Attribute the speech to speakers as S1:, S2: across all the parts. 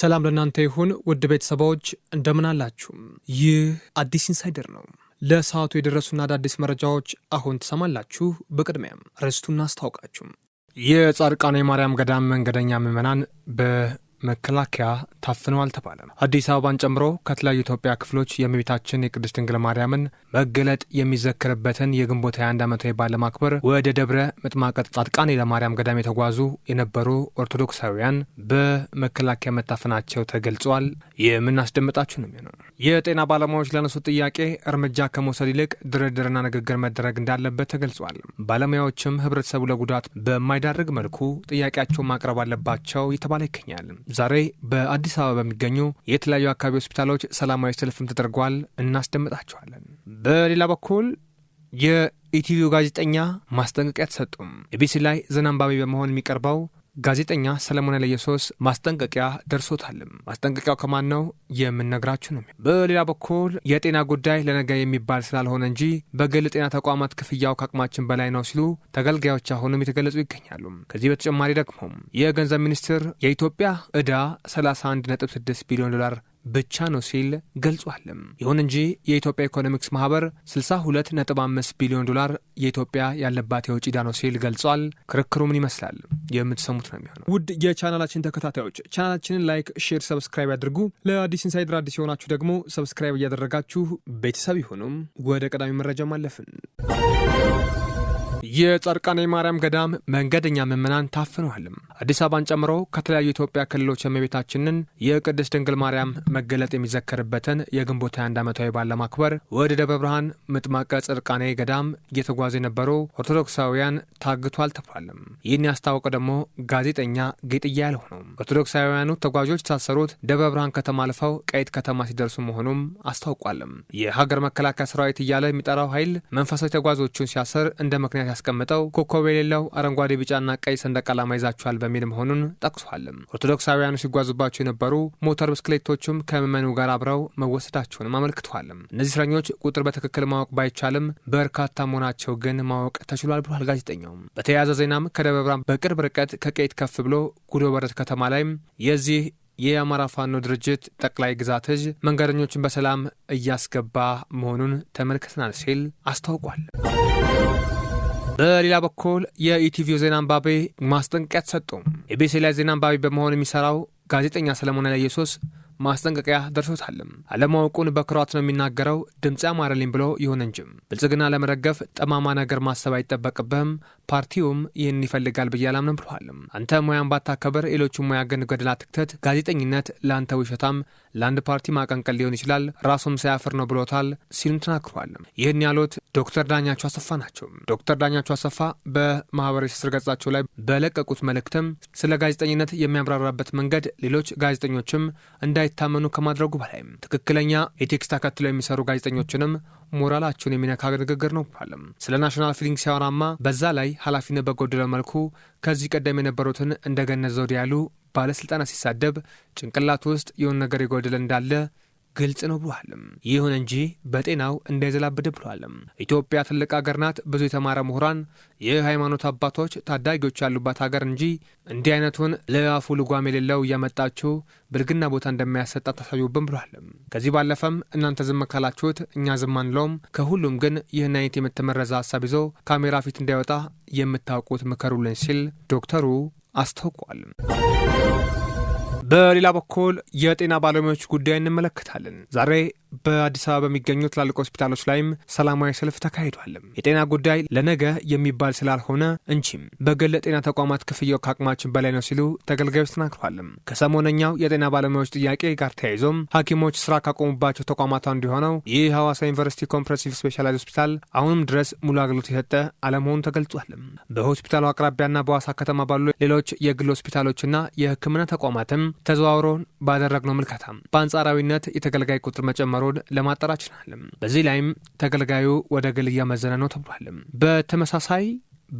S1: ሰላም ለእናንተ ይሁን ውድ ቤተሰባዎች እንደምን ይህ አዲስ ኢንሳይደር ነው። ለሰዓቱ የደረሱና አዳዲስ መረጃዎች አሁን ትሰማላችሁ። በቅድሚያም ርዕስቱን አስታውቃችሁ የጻድቃኔ ማርያም ገዳም መንገደኛ ምዕመናን በ መከላከያ ታፍነዋል ተባለ። አዲስ አበባን ጨምሮ ከተለያዩ ኢትዮጵያ ክፍሎች የእመቤታችን የቅድስት ድንግል ማርያምን መገለጥ የሚዘክርበትን የግንቦት 21 ዓመታዊ በዓል ለማክበር ወደ ደብረ ምጥማቀ ጻድቃኔ ለማርያም ገዳም የተጓዙ የነበሩ ኦርቶዶክሳውያን በመከላከያ መታፈናቸው ተገልጿል። የምናስደምጣችሁ ነው የሚሆነው። የጤና ባለሙያዎች ላነሱት ጥያቄ እርምጃ ከመውሰድ ይልቅ ድርድርና ንግግር መደረግ እንዳለበት ተገልጿል። ባለሙያዎችም ህብረተሰቡ ለጉዳት በማይዳርግ መልኩ ጥያቄያቸውን ማቅረብ አለባቸው እየተባለ ይገኛል። ዛሬ በአዲስ አበባ በሚገኙ የተለያዩ አካባቢ ሆስፒታሎች ሰላማዊ ሰልፍም ተደርጓል። እናስደምጣቸዋለን። በሌላ በኩል የኢቲቪው ጋዜጠኛ ማስጠንቀቂያ ተሰጡም። ኢቢሲ ላይ ዘናንባቢ በመሆን የሚቀርበው ጋዜጠኛ ሰለሞን ለየሶስ ማስጠንቀቂያ ደርሶታልም። ማስጠንቀቂያው ከማን ነው የምነግራችሁ ነው። በሌላ በኩል የጤና ጉዳይ ለነገ የሚባል ስላልሆነ እንጂ በግል ጤና ተቋማት ክፍያው ከአቅማችን በላይ ነው ሲሉ ተገልጋዮች አሁንም የተገለጹ ይገኛሉ። ከዚህ በተጨማሪ ደግሞ የገንዘብ ሚኒስቴር የኢትዮጵያ ዕዳ 31.6 ቢሊዮን ዶላር ብቻ ነው ሲል ገልጿልም። ይሁን እንጂ የኢትዮጵያ ኢኮኖሚክስ ማህበር 62.5 ቢሊዮን ዶላር የኢትዮጵያ ያለባት የውጭ ዕዳ ነው ሲል ገልጿል። ክርክሩ ምን ይመስላል? የምትሰሙት ነው የሚሆነው። ውድ የቻናላችን ተከታታዮች ቻናላችንን ላይክ፣ ሼር፣ ሰብስክራይብ ያድርጉ። ለአዲስ ኢንሳይድር አዲስ የሆናችሁ ደግሞ ሰብስክራይብ እያደረጋችሁ ቤተሰብ ይሁኑም። ወደ ቀዳሚ መረጃ ማለፍን የጸርቃኔ ማርያም ገዳም መንገደኛ ምዕመናን ታፍኗልም። አዲስ አበባን ጨምሮ ከተለያዩ የኢትዮጵያ ክልሎች የእመቤታችንን የቅድስት ድንግል ማርያም መገለጥ የሚዘከርበትን የግንቦት 21 ዓመታዊ በዓል ለማክበር ወደ ደብረ ብርሃን ምጥማቀ ጻድቃኔ ገዳም እየተጓዙ የነበሩ ኦርቶዶክሳውያን ታግቷል ተብሏልም። ይህን ያስታወቀ ደግሞ ጋዜጠኛ ጌጥያ ያለሁ ነው። ኦርቶዶክሳውያኑ ተጓዦች የታሰሩት ደብረ ብርሃን ከተማ አልፈው ቀይት ከተማ ሲደርሱ መሆኑም አስታውቋልም። የሀገር መከላከያ ሰራዊት እያለ የሚጠራው ኃይል መንፈሳዊ ተጓዦቹን ሲያሰር እንደ ምክንያት የሚያስቀምጠው ኮከብ የሌለው አረንጓዴ፣ ቢጫና ቀይ ሰንደቅ ዓላማ ይዛችኋል በሚል መሆኑን ጠቅሷል። ኦርቶዶክሳውያኑ ሲጓዙባቸው የነበሩ ሞተር ብስክሌቶችም ከምዕመኑ ጋር አብረው መወሰዳቸውንም አመልክቷል። እነዚህ እስረኞች ቁጥር በትክክል ማወቅ ባይቻልም በርካታ መሆናቸው ግን ማወቅ ተችሏል ብሏል ጋዜጠኛው። በተያያዘ ዜናም ከደብረ ብርሃን በቅርብ ርቀት ከቀይት ከፍ ብሎ ጉዶ በረት ከተማ ላይም የዚህ የአማራ ፋኖ ድርጅት ጠቅላይ ግዛት እዝ መንገደኞችን በሰላም እያስገባ መሆኑን ተመልክተናል ሲል አስታውቋል። በሌላ በኩል የኢቲቪው ዜና አንባቢ ማስጠንቀቂያ ተሰጡ። ኢቢሲ ላይ ዜና አንባቢ በመሆን የሚሰራው ጋዜጠኛ ሰለሞን ኃይለየሱስ ማስጠንቀቂያ ደርሶታልም። አለማወቁን በኩራት ነው የሚናገረው ድምፅ ያማረልኝ ብሎ ይሁን እንጂም ብልጽግና ለመደገፍ ጠማማ ነገር ማሰብ አይጠበቅብህም፣ ፓርቲውም ይህን ይፈልጋል ብዬ አላምንም ብሏልም። አንተ ሙያን ባታከብር፣ ሌሎቹ ሙያ ግን ገድላ ትክተት። ጋዜጠኝነት ለአንተ ውሸታም፣ ለአንድ ፓርቲ ማቀንቀል ሊሆን ይችላል፣ ራሱም ሳያፍር ነው ብሎታል ሲሉም ተናግሯል። ይህን ያሉት ዶክተር ዳኛቸው አሰፋ ናቸው። ዶክተር ዳኛቸው አሰፋ በማህበራዊ ትስስር ገጻቸው ላይ በለቀቁት መልእክትም ስለ ጋዜጠኝነት የሚያብራራበት መንገድ ሌሎች ጋዜጠኞችም እንዳይ እንዳይታመኑ ከማድረጉ በላይ ትክክለኛ የቴክስት አካትለው የሚሰሩ ጋዜጠኞችንም ሞራላቸውን የሚነካ ንግግር ነው ብሏል። ስለ ናሽናል ፊሊንግ ሲያወራማ በዛ ላይ ኃላፊነት በጎደለ መልኩ ከዚህ ቀደም የነበሩትን እንደ ገነት ዘውዴ ያሉ ባለስልጣናት ሲሳደብ ጭንቅላት ውስጥ የሆነ ነገር የጎደለ እንዳለ ግልጽ ነው ብሏልም። ይሁን እንጂ በጤናው እንዳይዘላብድ ብሏልም። ኢትዮጵያ ትልቅ ሀገር ናት። ብዙ የተማረ ምሁራን፣ የሃይማኖት አባቶች፣ ታዳጊዎች ያሉባት ሀገር እንጂ እንዲህ አይነቱን ለአፉ ልጓም የሌለው እያመጣችው ብልግና ቦታ እንደማያሰጣ ታሳዩብን ብሏልም። ከዚህ ባለፈም እናንተ ዝም ካላችሁት እኛ ዝም አንለውም። ከሁሉም ግን ይህን አይነት የምትመረዘ ሀሳብ ይዞ ካሜራ ፊት እንዳይወጣ የምታውቁት ምከሩልን ሲል ዶክተሩ አስታውቋል። በሌላ በኩል የጤና ባለሙያዎች ጉዳይ እንመለከታለን። ዛሬ በአዲስ አበባ በሚገኙ ትላልቅ ሆስፒታሎች ላይም ሰላማዊ ሰልፍ ተካሂዷል። የጤና ጉዳይ ለነገ የሚባል ስላልሆነ እንቺም በግል ጤና ተቋማት ክፍያው ከአቅማችን በላይ ነው ሲሉ ተገልጋዮች ተናግረዋል። ከሰሞነኛው የጤና ባለሙያዎች ጥያቄ ጋር ተያይዞም ሐኪሞች ስራ ካቆሙባቸው ተቋማት አንዱ የሆነው ይህ ሐዋሳ ዩኒቨርሲቲ ኮምፕሬሲቭ ስፔሻላይዝ ሆስፒታል አሁንም ድረስ ሙሉ አገልግሎት የሰጠ አለመሆኑ ተገልጿል። በሆስፒታሉ አቅራቢያና በዋሳ ከተማ ባሉ ሌሎች የግል ሆስፒታሎችና የሕክምና ተቋማትም ተዘዋውሮን ባደረግነው ምልከታ በአንጻራዊነት የተገልጋይ ቁጥር መጨመሩ ሮድ ለማጣራት ችለናል። በዚህ ላይም ተገልጋዩ ወደ ግል እያመዘነ ነው ተብሏል። በተመሳሳይ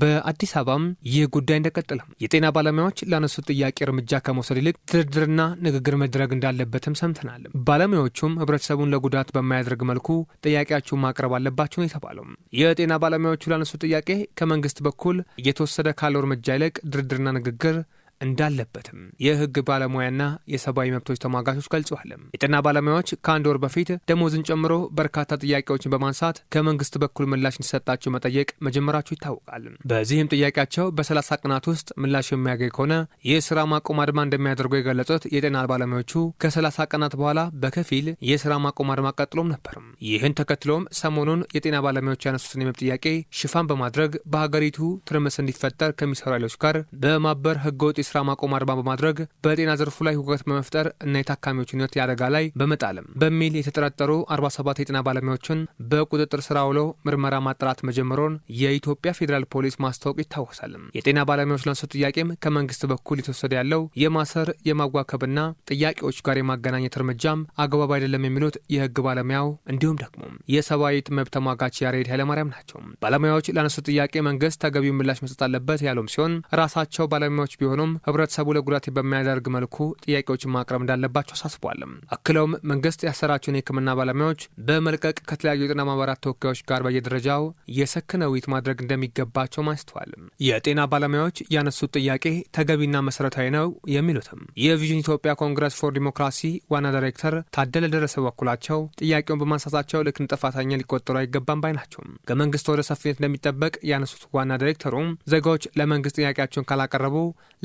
S1: በአዲስ አበባም ይህ ጉዳይ እንደቀጠለ የጤና ባለሙያዎች ላነሱት ጥያቄ እርምጃ ከመውሰድ ይልቅ ድርድርና ንግግር መድረግ እንዳለበትም ሰምተናል። ባለሙያዎቹም ህብረተሰቡን ለጉዳት በማያደርግ መልኩ ጥያቄያቸውን ማቅረብ አለባቸው ነው የተባለው። የጤና ባለሙያዎቹ ላነሱት ጥያቄ ከመንግስት በኩል እየተወሰደ ካለው እርምጃ ይልቅ ድርድርና ንግግር እንዳለበትም የህግ ባለሙያና የሰብአዊ መብቶች ተሟጋቾች ገልጿል። የጤና ባለሙያዎች ከአንድ ወር በፊት ደሞዝን ጨምሮ በርካታ ጥያቄዎችን በማንሳት ከመንግስት በኩል ምላሽ እንዲሰጣቸው መጠየቅ መጀመራቸው ይታወቃል። በዚህም ጥያቄያቸው በ30 ቀናት ውስጥ ምላሽ የሚያገኝ ከሆነ የስራ ማቆም አድማ እንደሚያደርጉ የገለጹት የጤና ባለሙያዎቹ ከ30 ቀናት በኋላ በከፊል የስራ ማቆም አድማ ቀጥሎም ነበር። ይህን ተከትሎም ሰሞኑን የጤና ባለሙያዎች ያነሱትን የመብት ጥያቄ ሽፋን በማድረግ በሀገሪቱ ትርምስ እንዲፈጠር ከሚሰሩ ኃይሎች ጋር በማበር ህገወጥ የስራ ማቆም አድማ በማድረግ በጤና ዘርፉ ላይ ሁከት በመፍጠር እና የታካሚዎች ህይወት አደጋ ላይ በመጣልም በሚል የተጠረጠሩ 47 የጤና ባለሙያዎችን በቁጥጥር ስራ ውለ ምርመራ ማጣራት መጀመሩን የኢትዮጵያ ፌዴራል ፖሊስ ማስታወቅ ይታወሳል። የጤና ባለሙያዎች ላነሱ ጥያቄም ከመንግስት በኩል የተወሰደ ያለው የማሰር የማዋከብና ጥያቄዎች ጋር የማገናኘት እርምጃም አግባብ አይደለም የሚሉት የህግ ባለሙያው እንዲሁም ደግሞ የሰብአዊ መብት ተሟጋች ያሬድ ኃይለማርያም ናቸው። ባለሙያዎች ላነሱ ጥያቄ መንግስት ተገቢው ምላሽ መስጠት አለበት ያሉም ሲሆን ራሳቸው ባለሙያዎች ቢሆኑም ህብረተሰቡ ለጉዳት በሚያደርግ መልኩ ጥያቄዎችን ማቅረብ እንዳለባቸው አሳስቧል። አክለውም መንግስት ያሰራቸውን የህክምና ባለሙያዎች በመልቀቅ ከተለያዩ የጤና ማህበራት ተወካዮች ጋር በየደረጃው የሰከነ ውይይት ማድረግ እንደሚገባቸውም አንስተዋል። የጤና ባለሙያዎች ያነሱት ጥያቄ ተገቢና መሰረታዊ ነው የሚሉትም የቪዥን ኢትዮጵያ ኮንግረስ ፎር ዲሞክራሲ ዋና ዳይሬክተር ታደለ ደረሰ በኩላቸው ጥያቄውን በማንሳታቸው ልክ ጥፋተኛ ሊቆጠሩ አይገባም ባይ ናቸው። ከመንግስት ወደ ሰፊነት እንደሚጠበቅ ያነሱት ዋና ዳይሬክተሩም ዜጋዎች ለመንግስት ጥያቄያቸውን ካላቀረቡ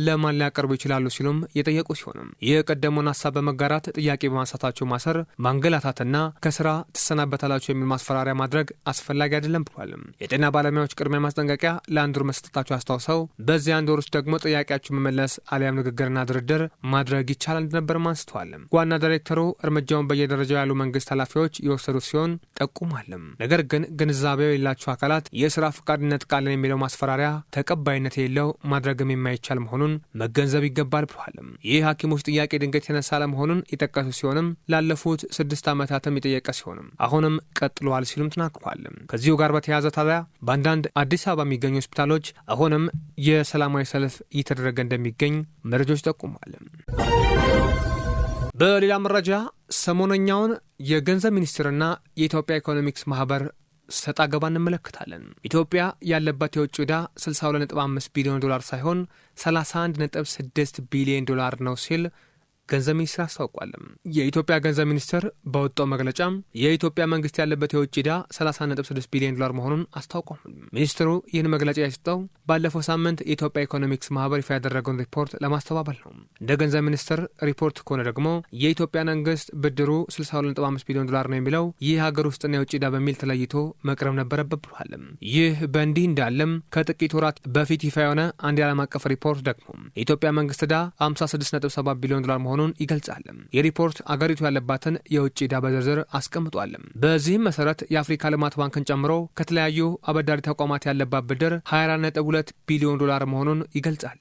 S1: ለማ ማን ሊያቀርቡ ይችላሉ ሲሉም የጠየቁ ሲሆንም የቀደመውን ሀሳብ በመጋራት ጥያቄ በማንሳታቸው ማሰር፣ ማንገላታትና ከስራ ትሰናበታላቸው የሚል ማስፈራሪያ ማድረግ አስፈላጊ አይደለም ብሏል። የጤና ባለሙያዎች ቅድሚያ ማስጠንቀቂያ ለአንድ ወር መስጠታቸው አስታውሰው በዚህ አንድ ወር ውስጥ ደግሞ ጥያቄያቸው መመለስ አሊያም ንግግርና ድርድር ማድረግ ይቻላል እንደነበርም አንስተዋል። ዋና ዳይሬክተሩ እርምጃውን በየደረጃው ያሉ መንግስት ኃላፊዎች የወሰዱ ሲሆን ጠቁማለም። ነገር ግን ግንዛቤው የሌላቸው አካላት የስራ ፈቃድ እንነጥቃለን የሚለው ማስፈራሪያ ተቀባይነት የሌለው ማድረግም የማይቻል መሆኑን መገንዘብ ይገባል ብሏል። ይህ ሐኪሞች ጥያቄ ድንገት የተነሳ ለመሆኑን የጠቀሱ ሲሆንም ላለፉት ስድስት ዓመታትም የጠየቀ ሲሆንም አሁንም ቀጥሏል ሲሉም ተናግሯል። ከዚሁ ጋር በተያያዘ ታዲያ በአንዳንድ አዲስ አበባ የሚገኙ ሆስፒታሎች አሁንም የሰላማዊ ሰልፍ እየተደረገ እንደሚገኝ መረጃዎች ጠቁሟል። በሌላ መረጃ ሰሞነኛውን የገንዘብ ሚኒስትርና የኢትዮጵያ ኢኮኖሚክስ ማህበር ሰጣ አገባ እንመለከታለን። ኢትዮጵያ ያለባት የውጭ ዕዳ 62.5 ቢሊዮን ዶላር ሳይሆን 31.6 ቢሊዮን ዶላር ነው ሲል ገንዘብ ሚኒስትር አስታውቋልም። የኢትዮጵያ ገንዘብ ሚኒስትር በወጣው መግለጫ የኢትዮጵያ መንግስት ያለበት የውጭ ዕዳ 36 ቢሊዮን ዶላር መሆኑን አስታውቋል። ሚኒስትሩ ይህን መግለጫ የሰጠው ባለፈው ሳምንት የኢትዮጵያ ኢኮኖሚክስ ማህበር ይፋ ያደረገውን ሪፖርት ለማስተባበል ነው። እንደ ገንዘብ ሚኒስትር ሪፖርት ከሆነ ደግሞ የኢትዮጵያ መንግስት ብድሩ 625 ቢሊዮን ዶላር ነው የሚለው ይህ ሀገር ውስጥና የውጭ ዕዳ በሚል ተለይቶ መቅረብ ነበረበት ብሏል። ይህ በእንዲህ እንዳለም ከጥቂት ወራት በፊት ይፋ የሆነ አንድ የዓለም አቀፍ ሪፖርት ደግሞ የኢትዮጵያ መንግስት ዕዳ 56.7 ቢሊዮን ዶላር መሆኑ መሆኑን ይገልጻል። የሪፖርት አገሪቱ ያለባትን የውጭ ዕዳ በዝርዝር አስቀምጧል። በዚህም መሰረት የአፍሪካ ልማት ባንክን ጨምሮ ከተለያዩ አበዳሪ ተቋማት ያለባት ብድር 24.2 ቢሊዮን ዶላር መሆኑን ይገልጻል።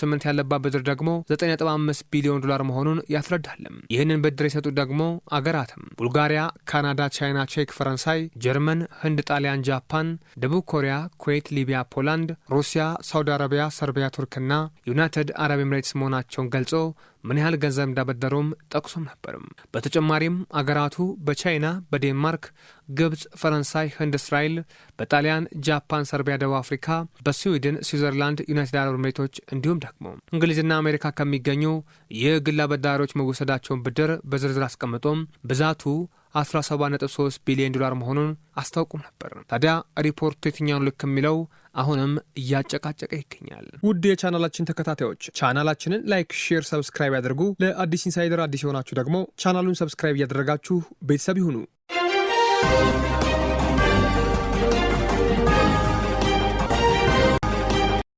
S1: 8 ያለባት ብድር ደግሞ 9.5 ቢሊዮን ዶላር መሆኑን ያስረዳል። ይህንን ብድር የሰጡት ደግሞ አገራትም ቡልጋሪያ፣ ካናዳ፣ ቻይና፣ ቼክ፣ ፈረንሳይ፣ ጀርመን፣ ህንድ፣ ጣሊያን፣ ጃፓን፣ ደቡብ ኮሪያ፣ ኩዌት፣ ሊቢያ፣ ፖላንድ፣ ሩሲያ፣ ሳውዲ አረቢያ፣ ሰርቢያ፣ ቱርክና ዩናይትድ አረብ ኤምሬትስ መሆናቸውን ገልጾ ምን ያህል ገንዘብ እንዳበደረውም ጠቅሶም ነበርም። በተጨማሪም አገራቱ በቻይና፣ በዴንማርክ፣ ግብፅ፣ ፈረንሳይ፣ ህንድ፣ እስራኤል፣ በጣሊያን፣ ጃፓን፣ ሰርቢያ፣ ደቡብ አፍሪካ፣ በስዊድን፣ ስዊዘርላንድ፣ ዩናይትድ አረብ ኤምሬቶች እንዲሁም ደግሞ እንግሊዝና አሜሪካ ከሚገኙ የግል አበዳሪዎች መወሰዳቸውን ብድር በዝርዝር አስቀምጦም ብዛቱ 17.3 ቢሊዮን ዶላር መሆኑን አስታውቁም ነበር። ታዲያ ሪፖርቱ የትኛውን ልክ የሚለው አሁንም እያጨቃጨቀ ይገኛል። ውድ የቻናላችን ተከታታዮች ቻናላችንን ላይክ፣ ሼር፣ ሰብስክራይብ ያደርጉ። ለአዲስ ኢንሳይደር አዲስ የሆናችሁ ደግሞ ቻናሉን ሰብስክራይብ እያደረጋችሁ ቤተሰብ ይሁኑ።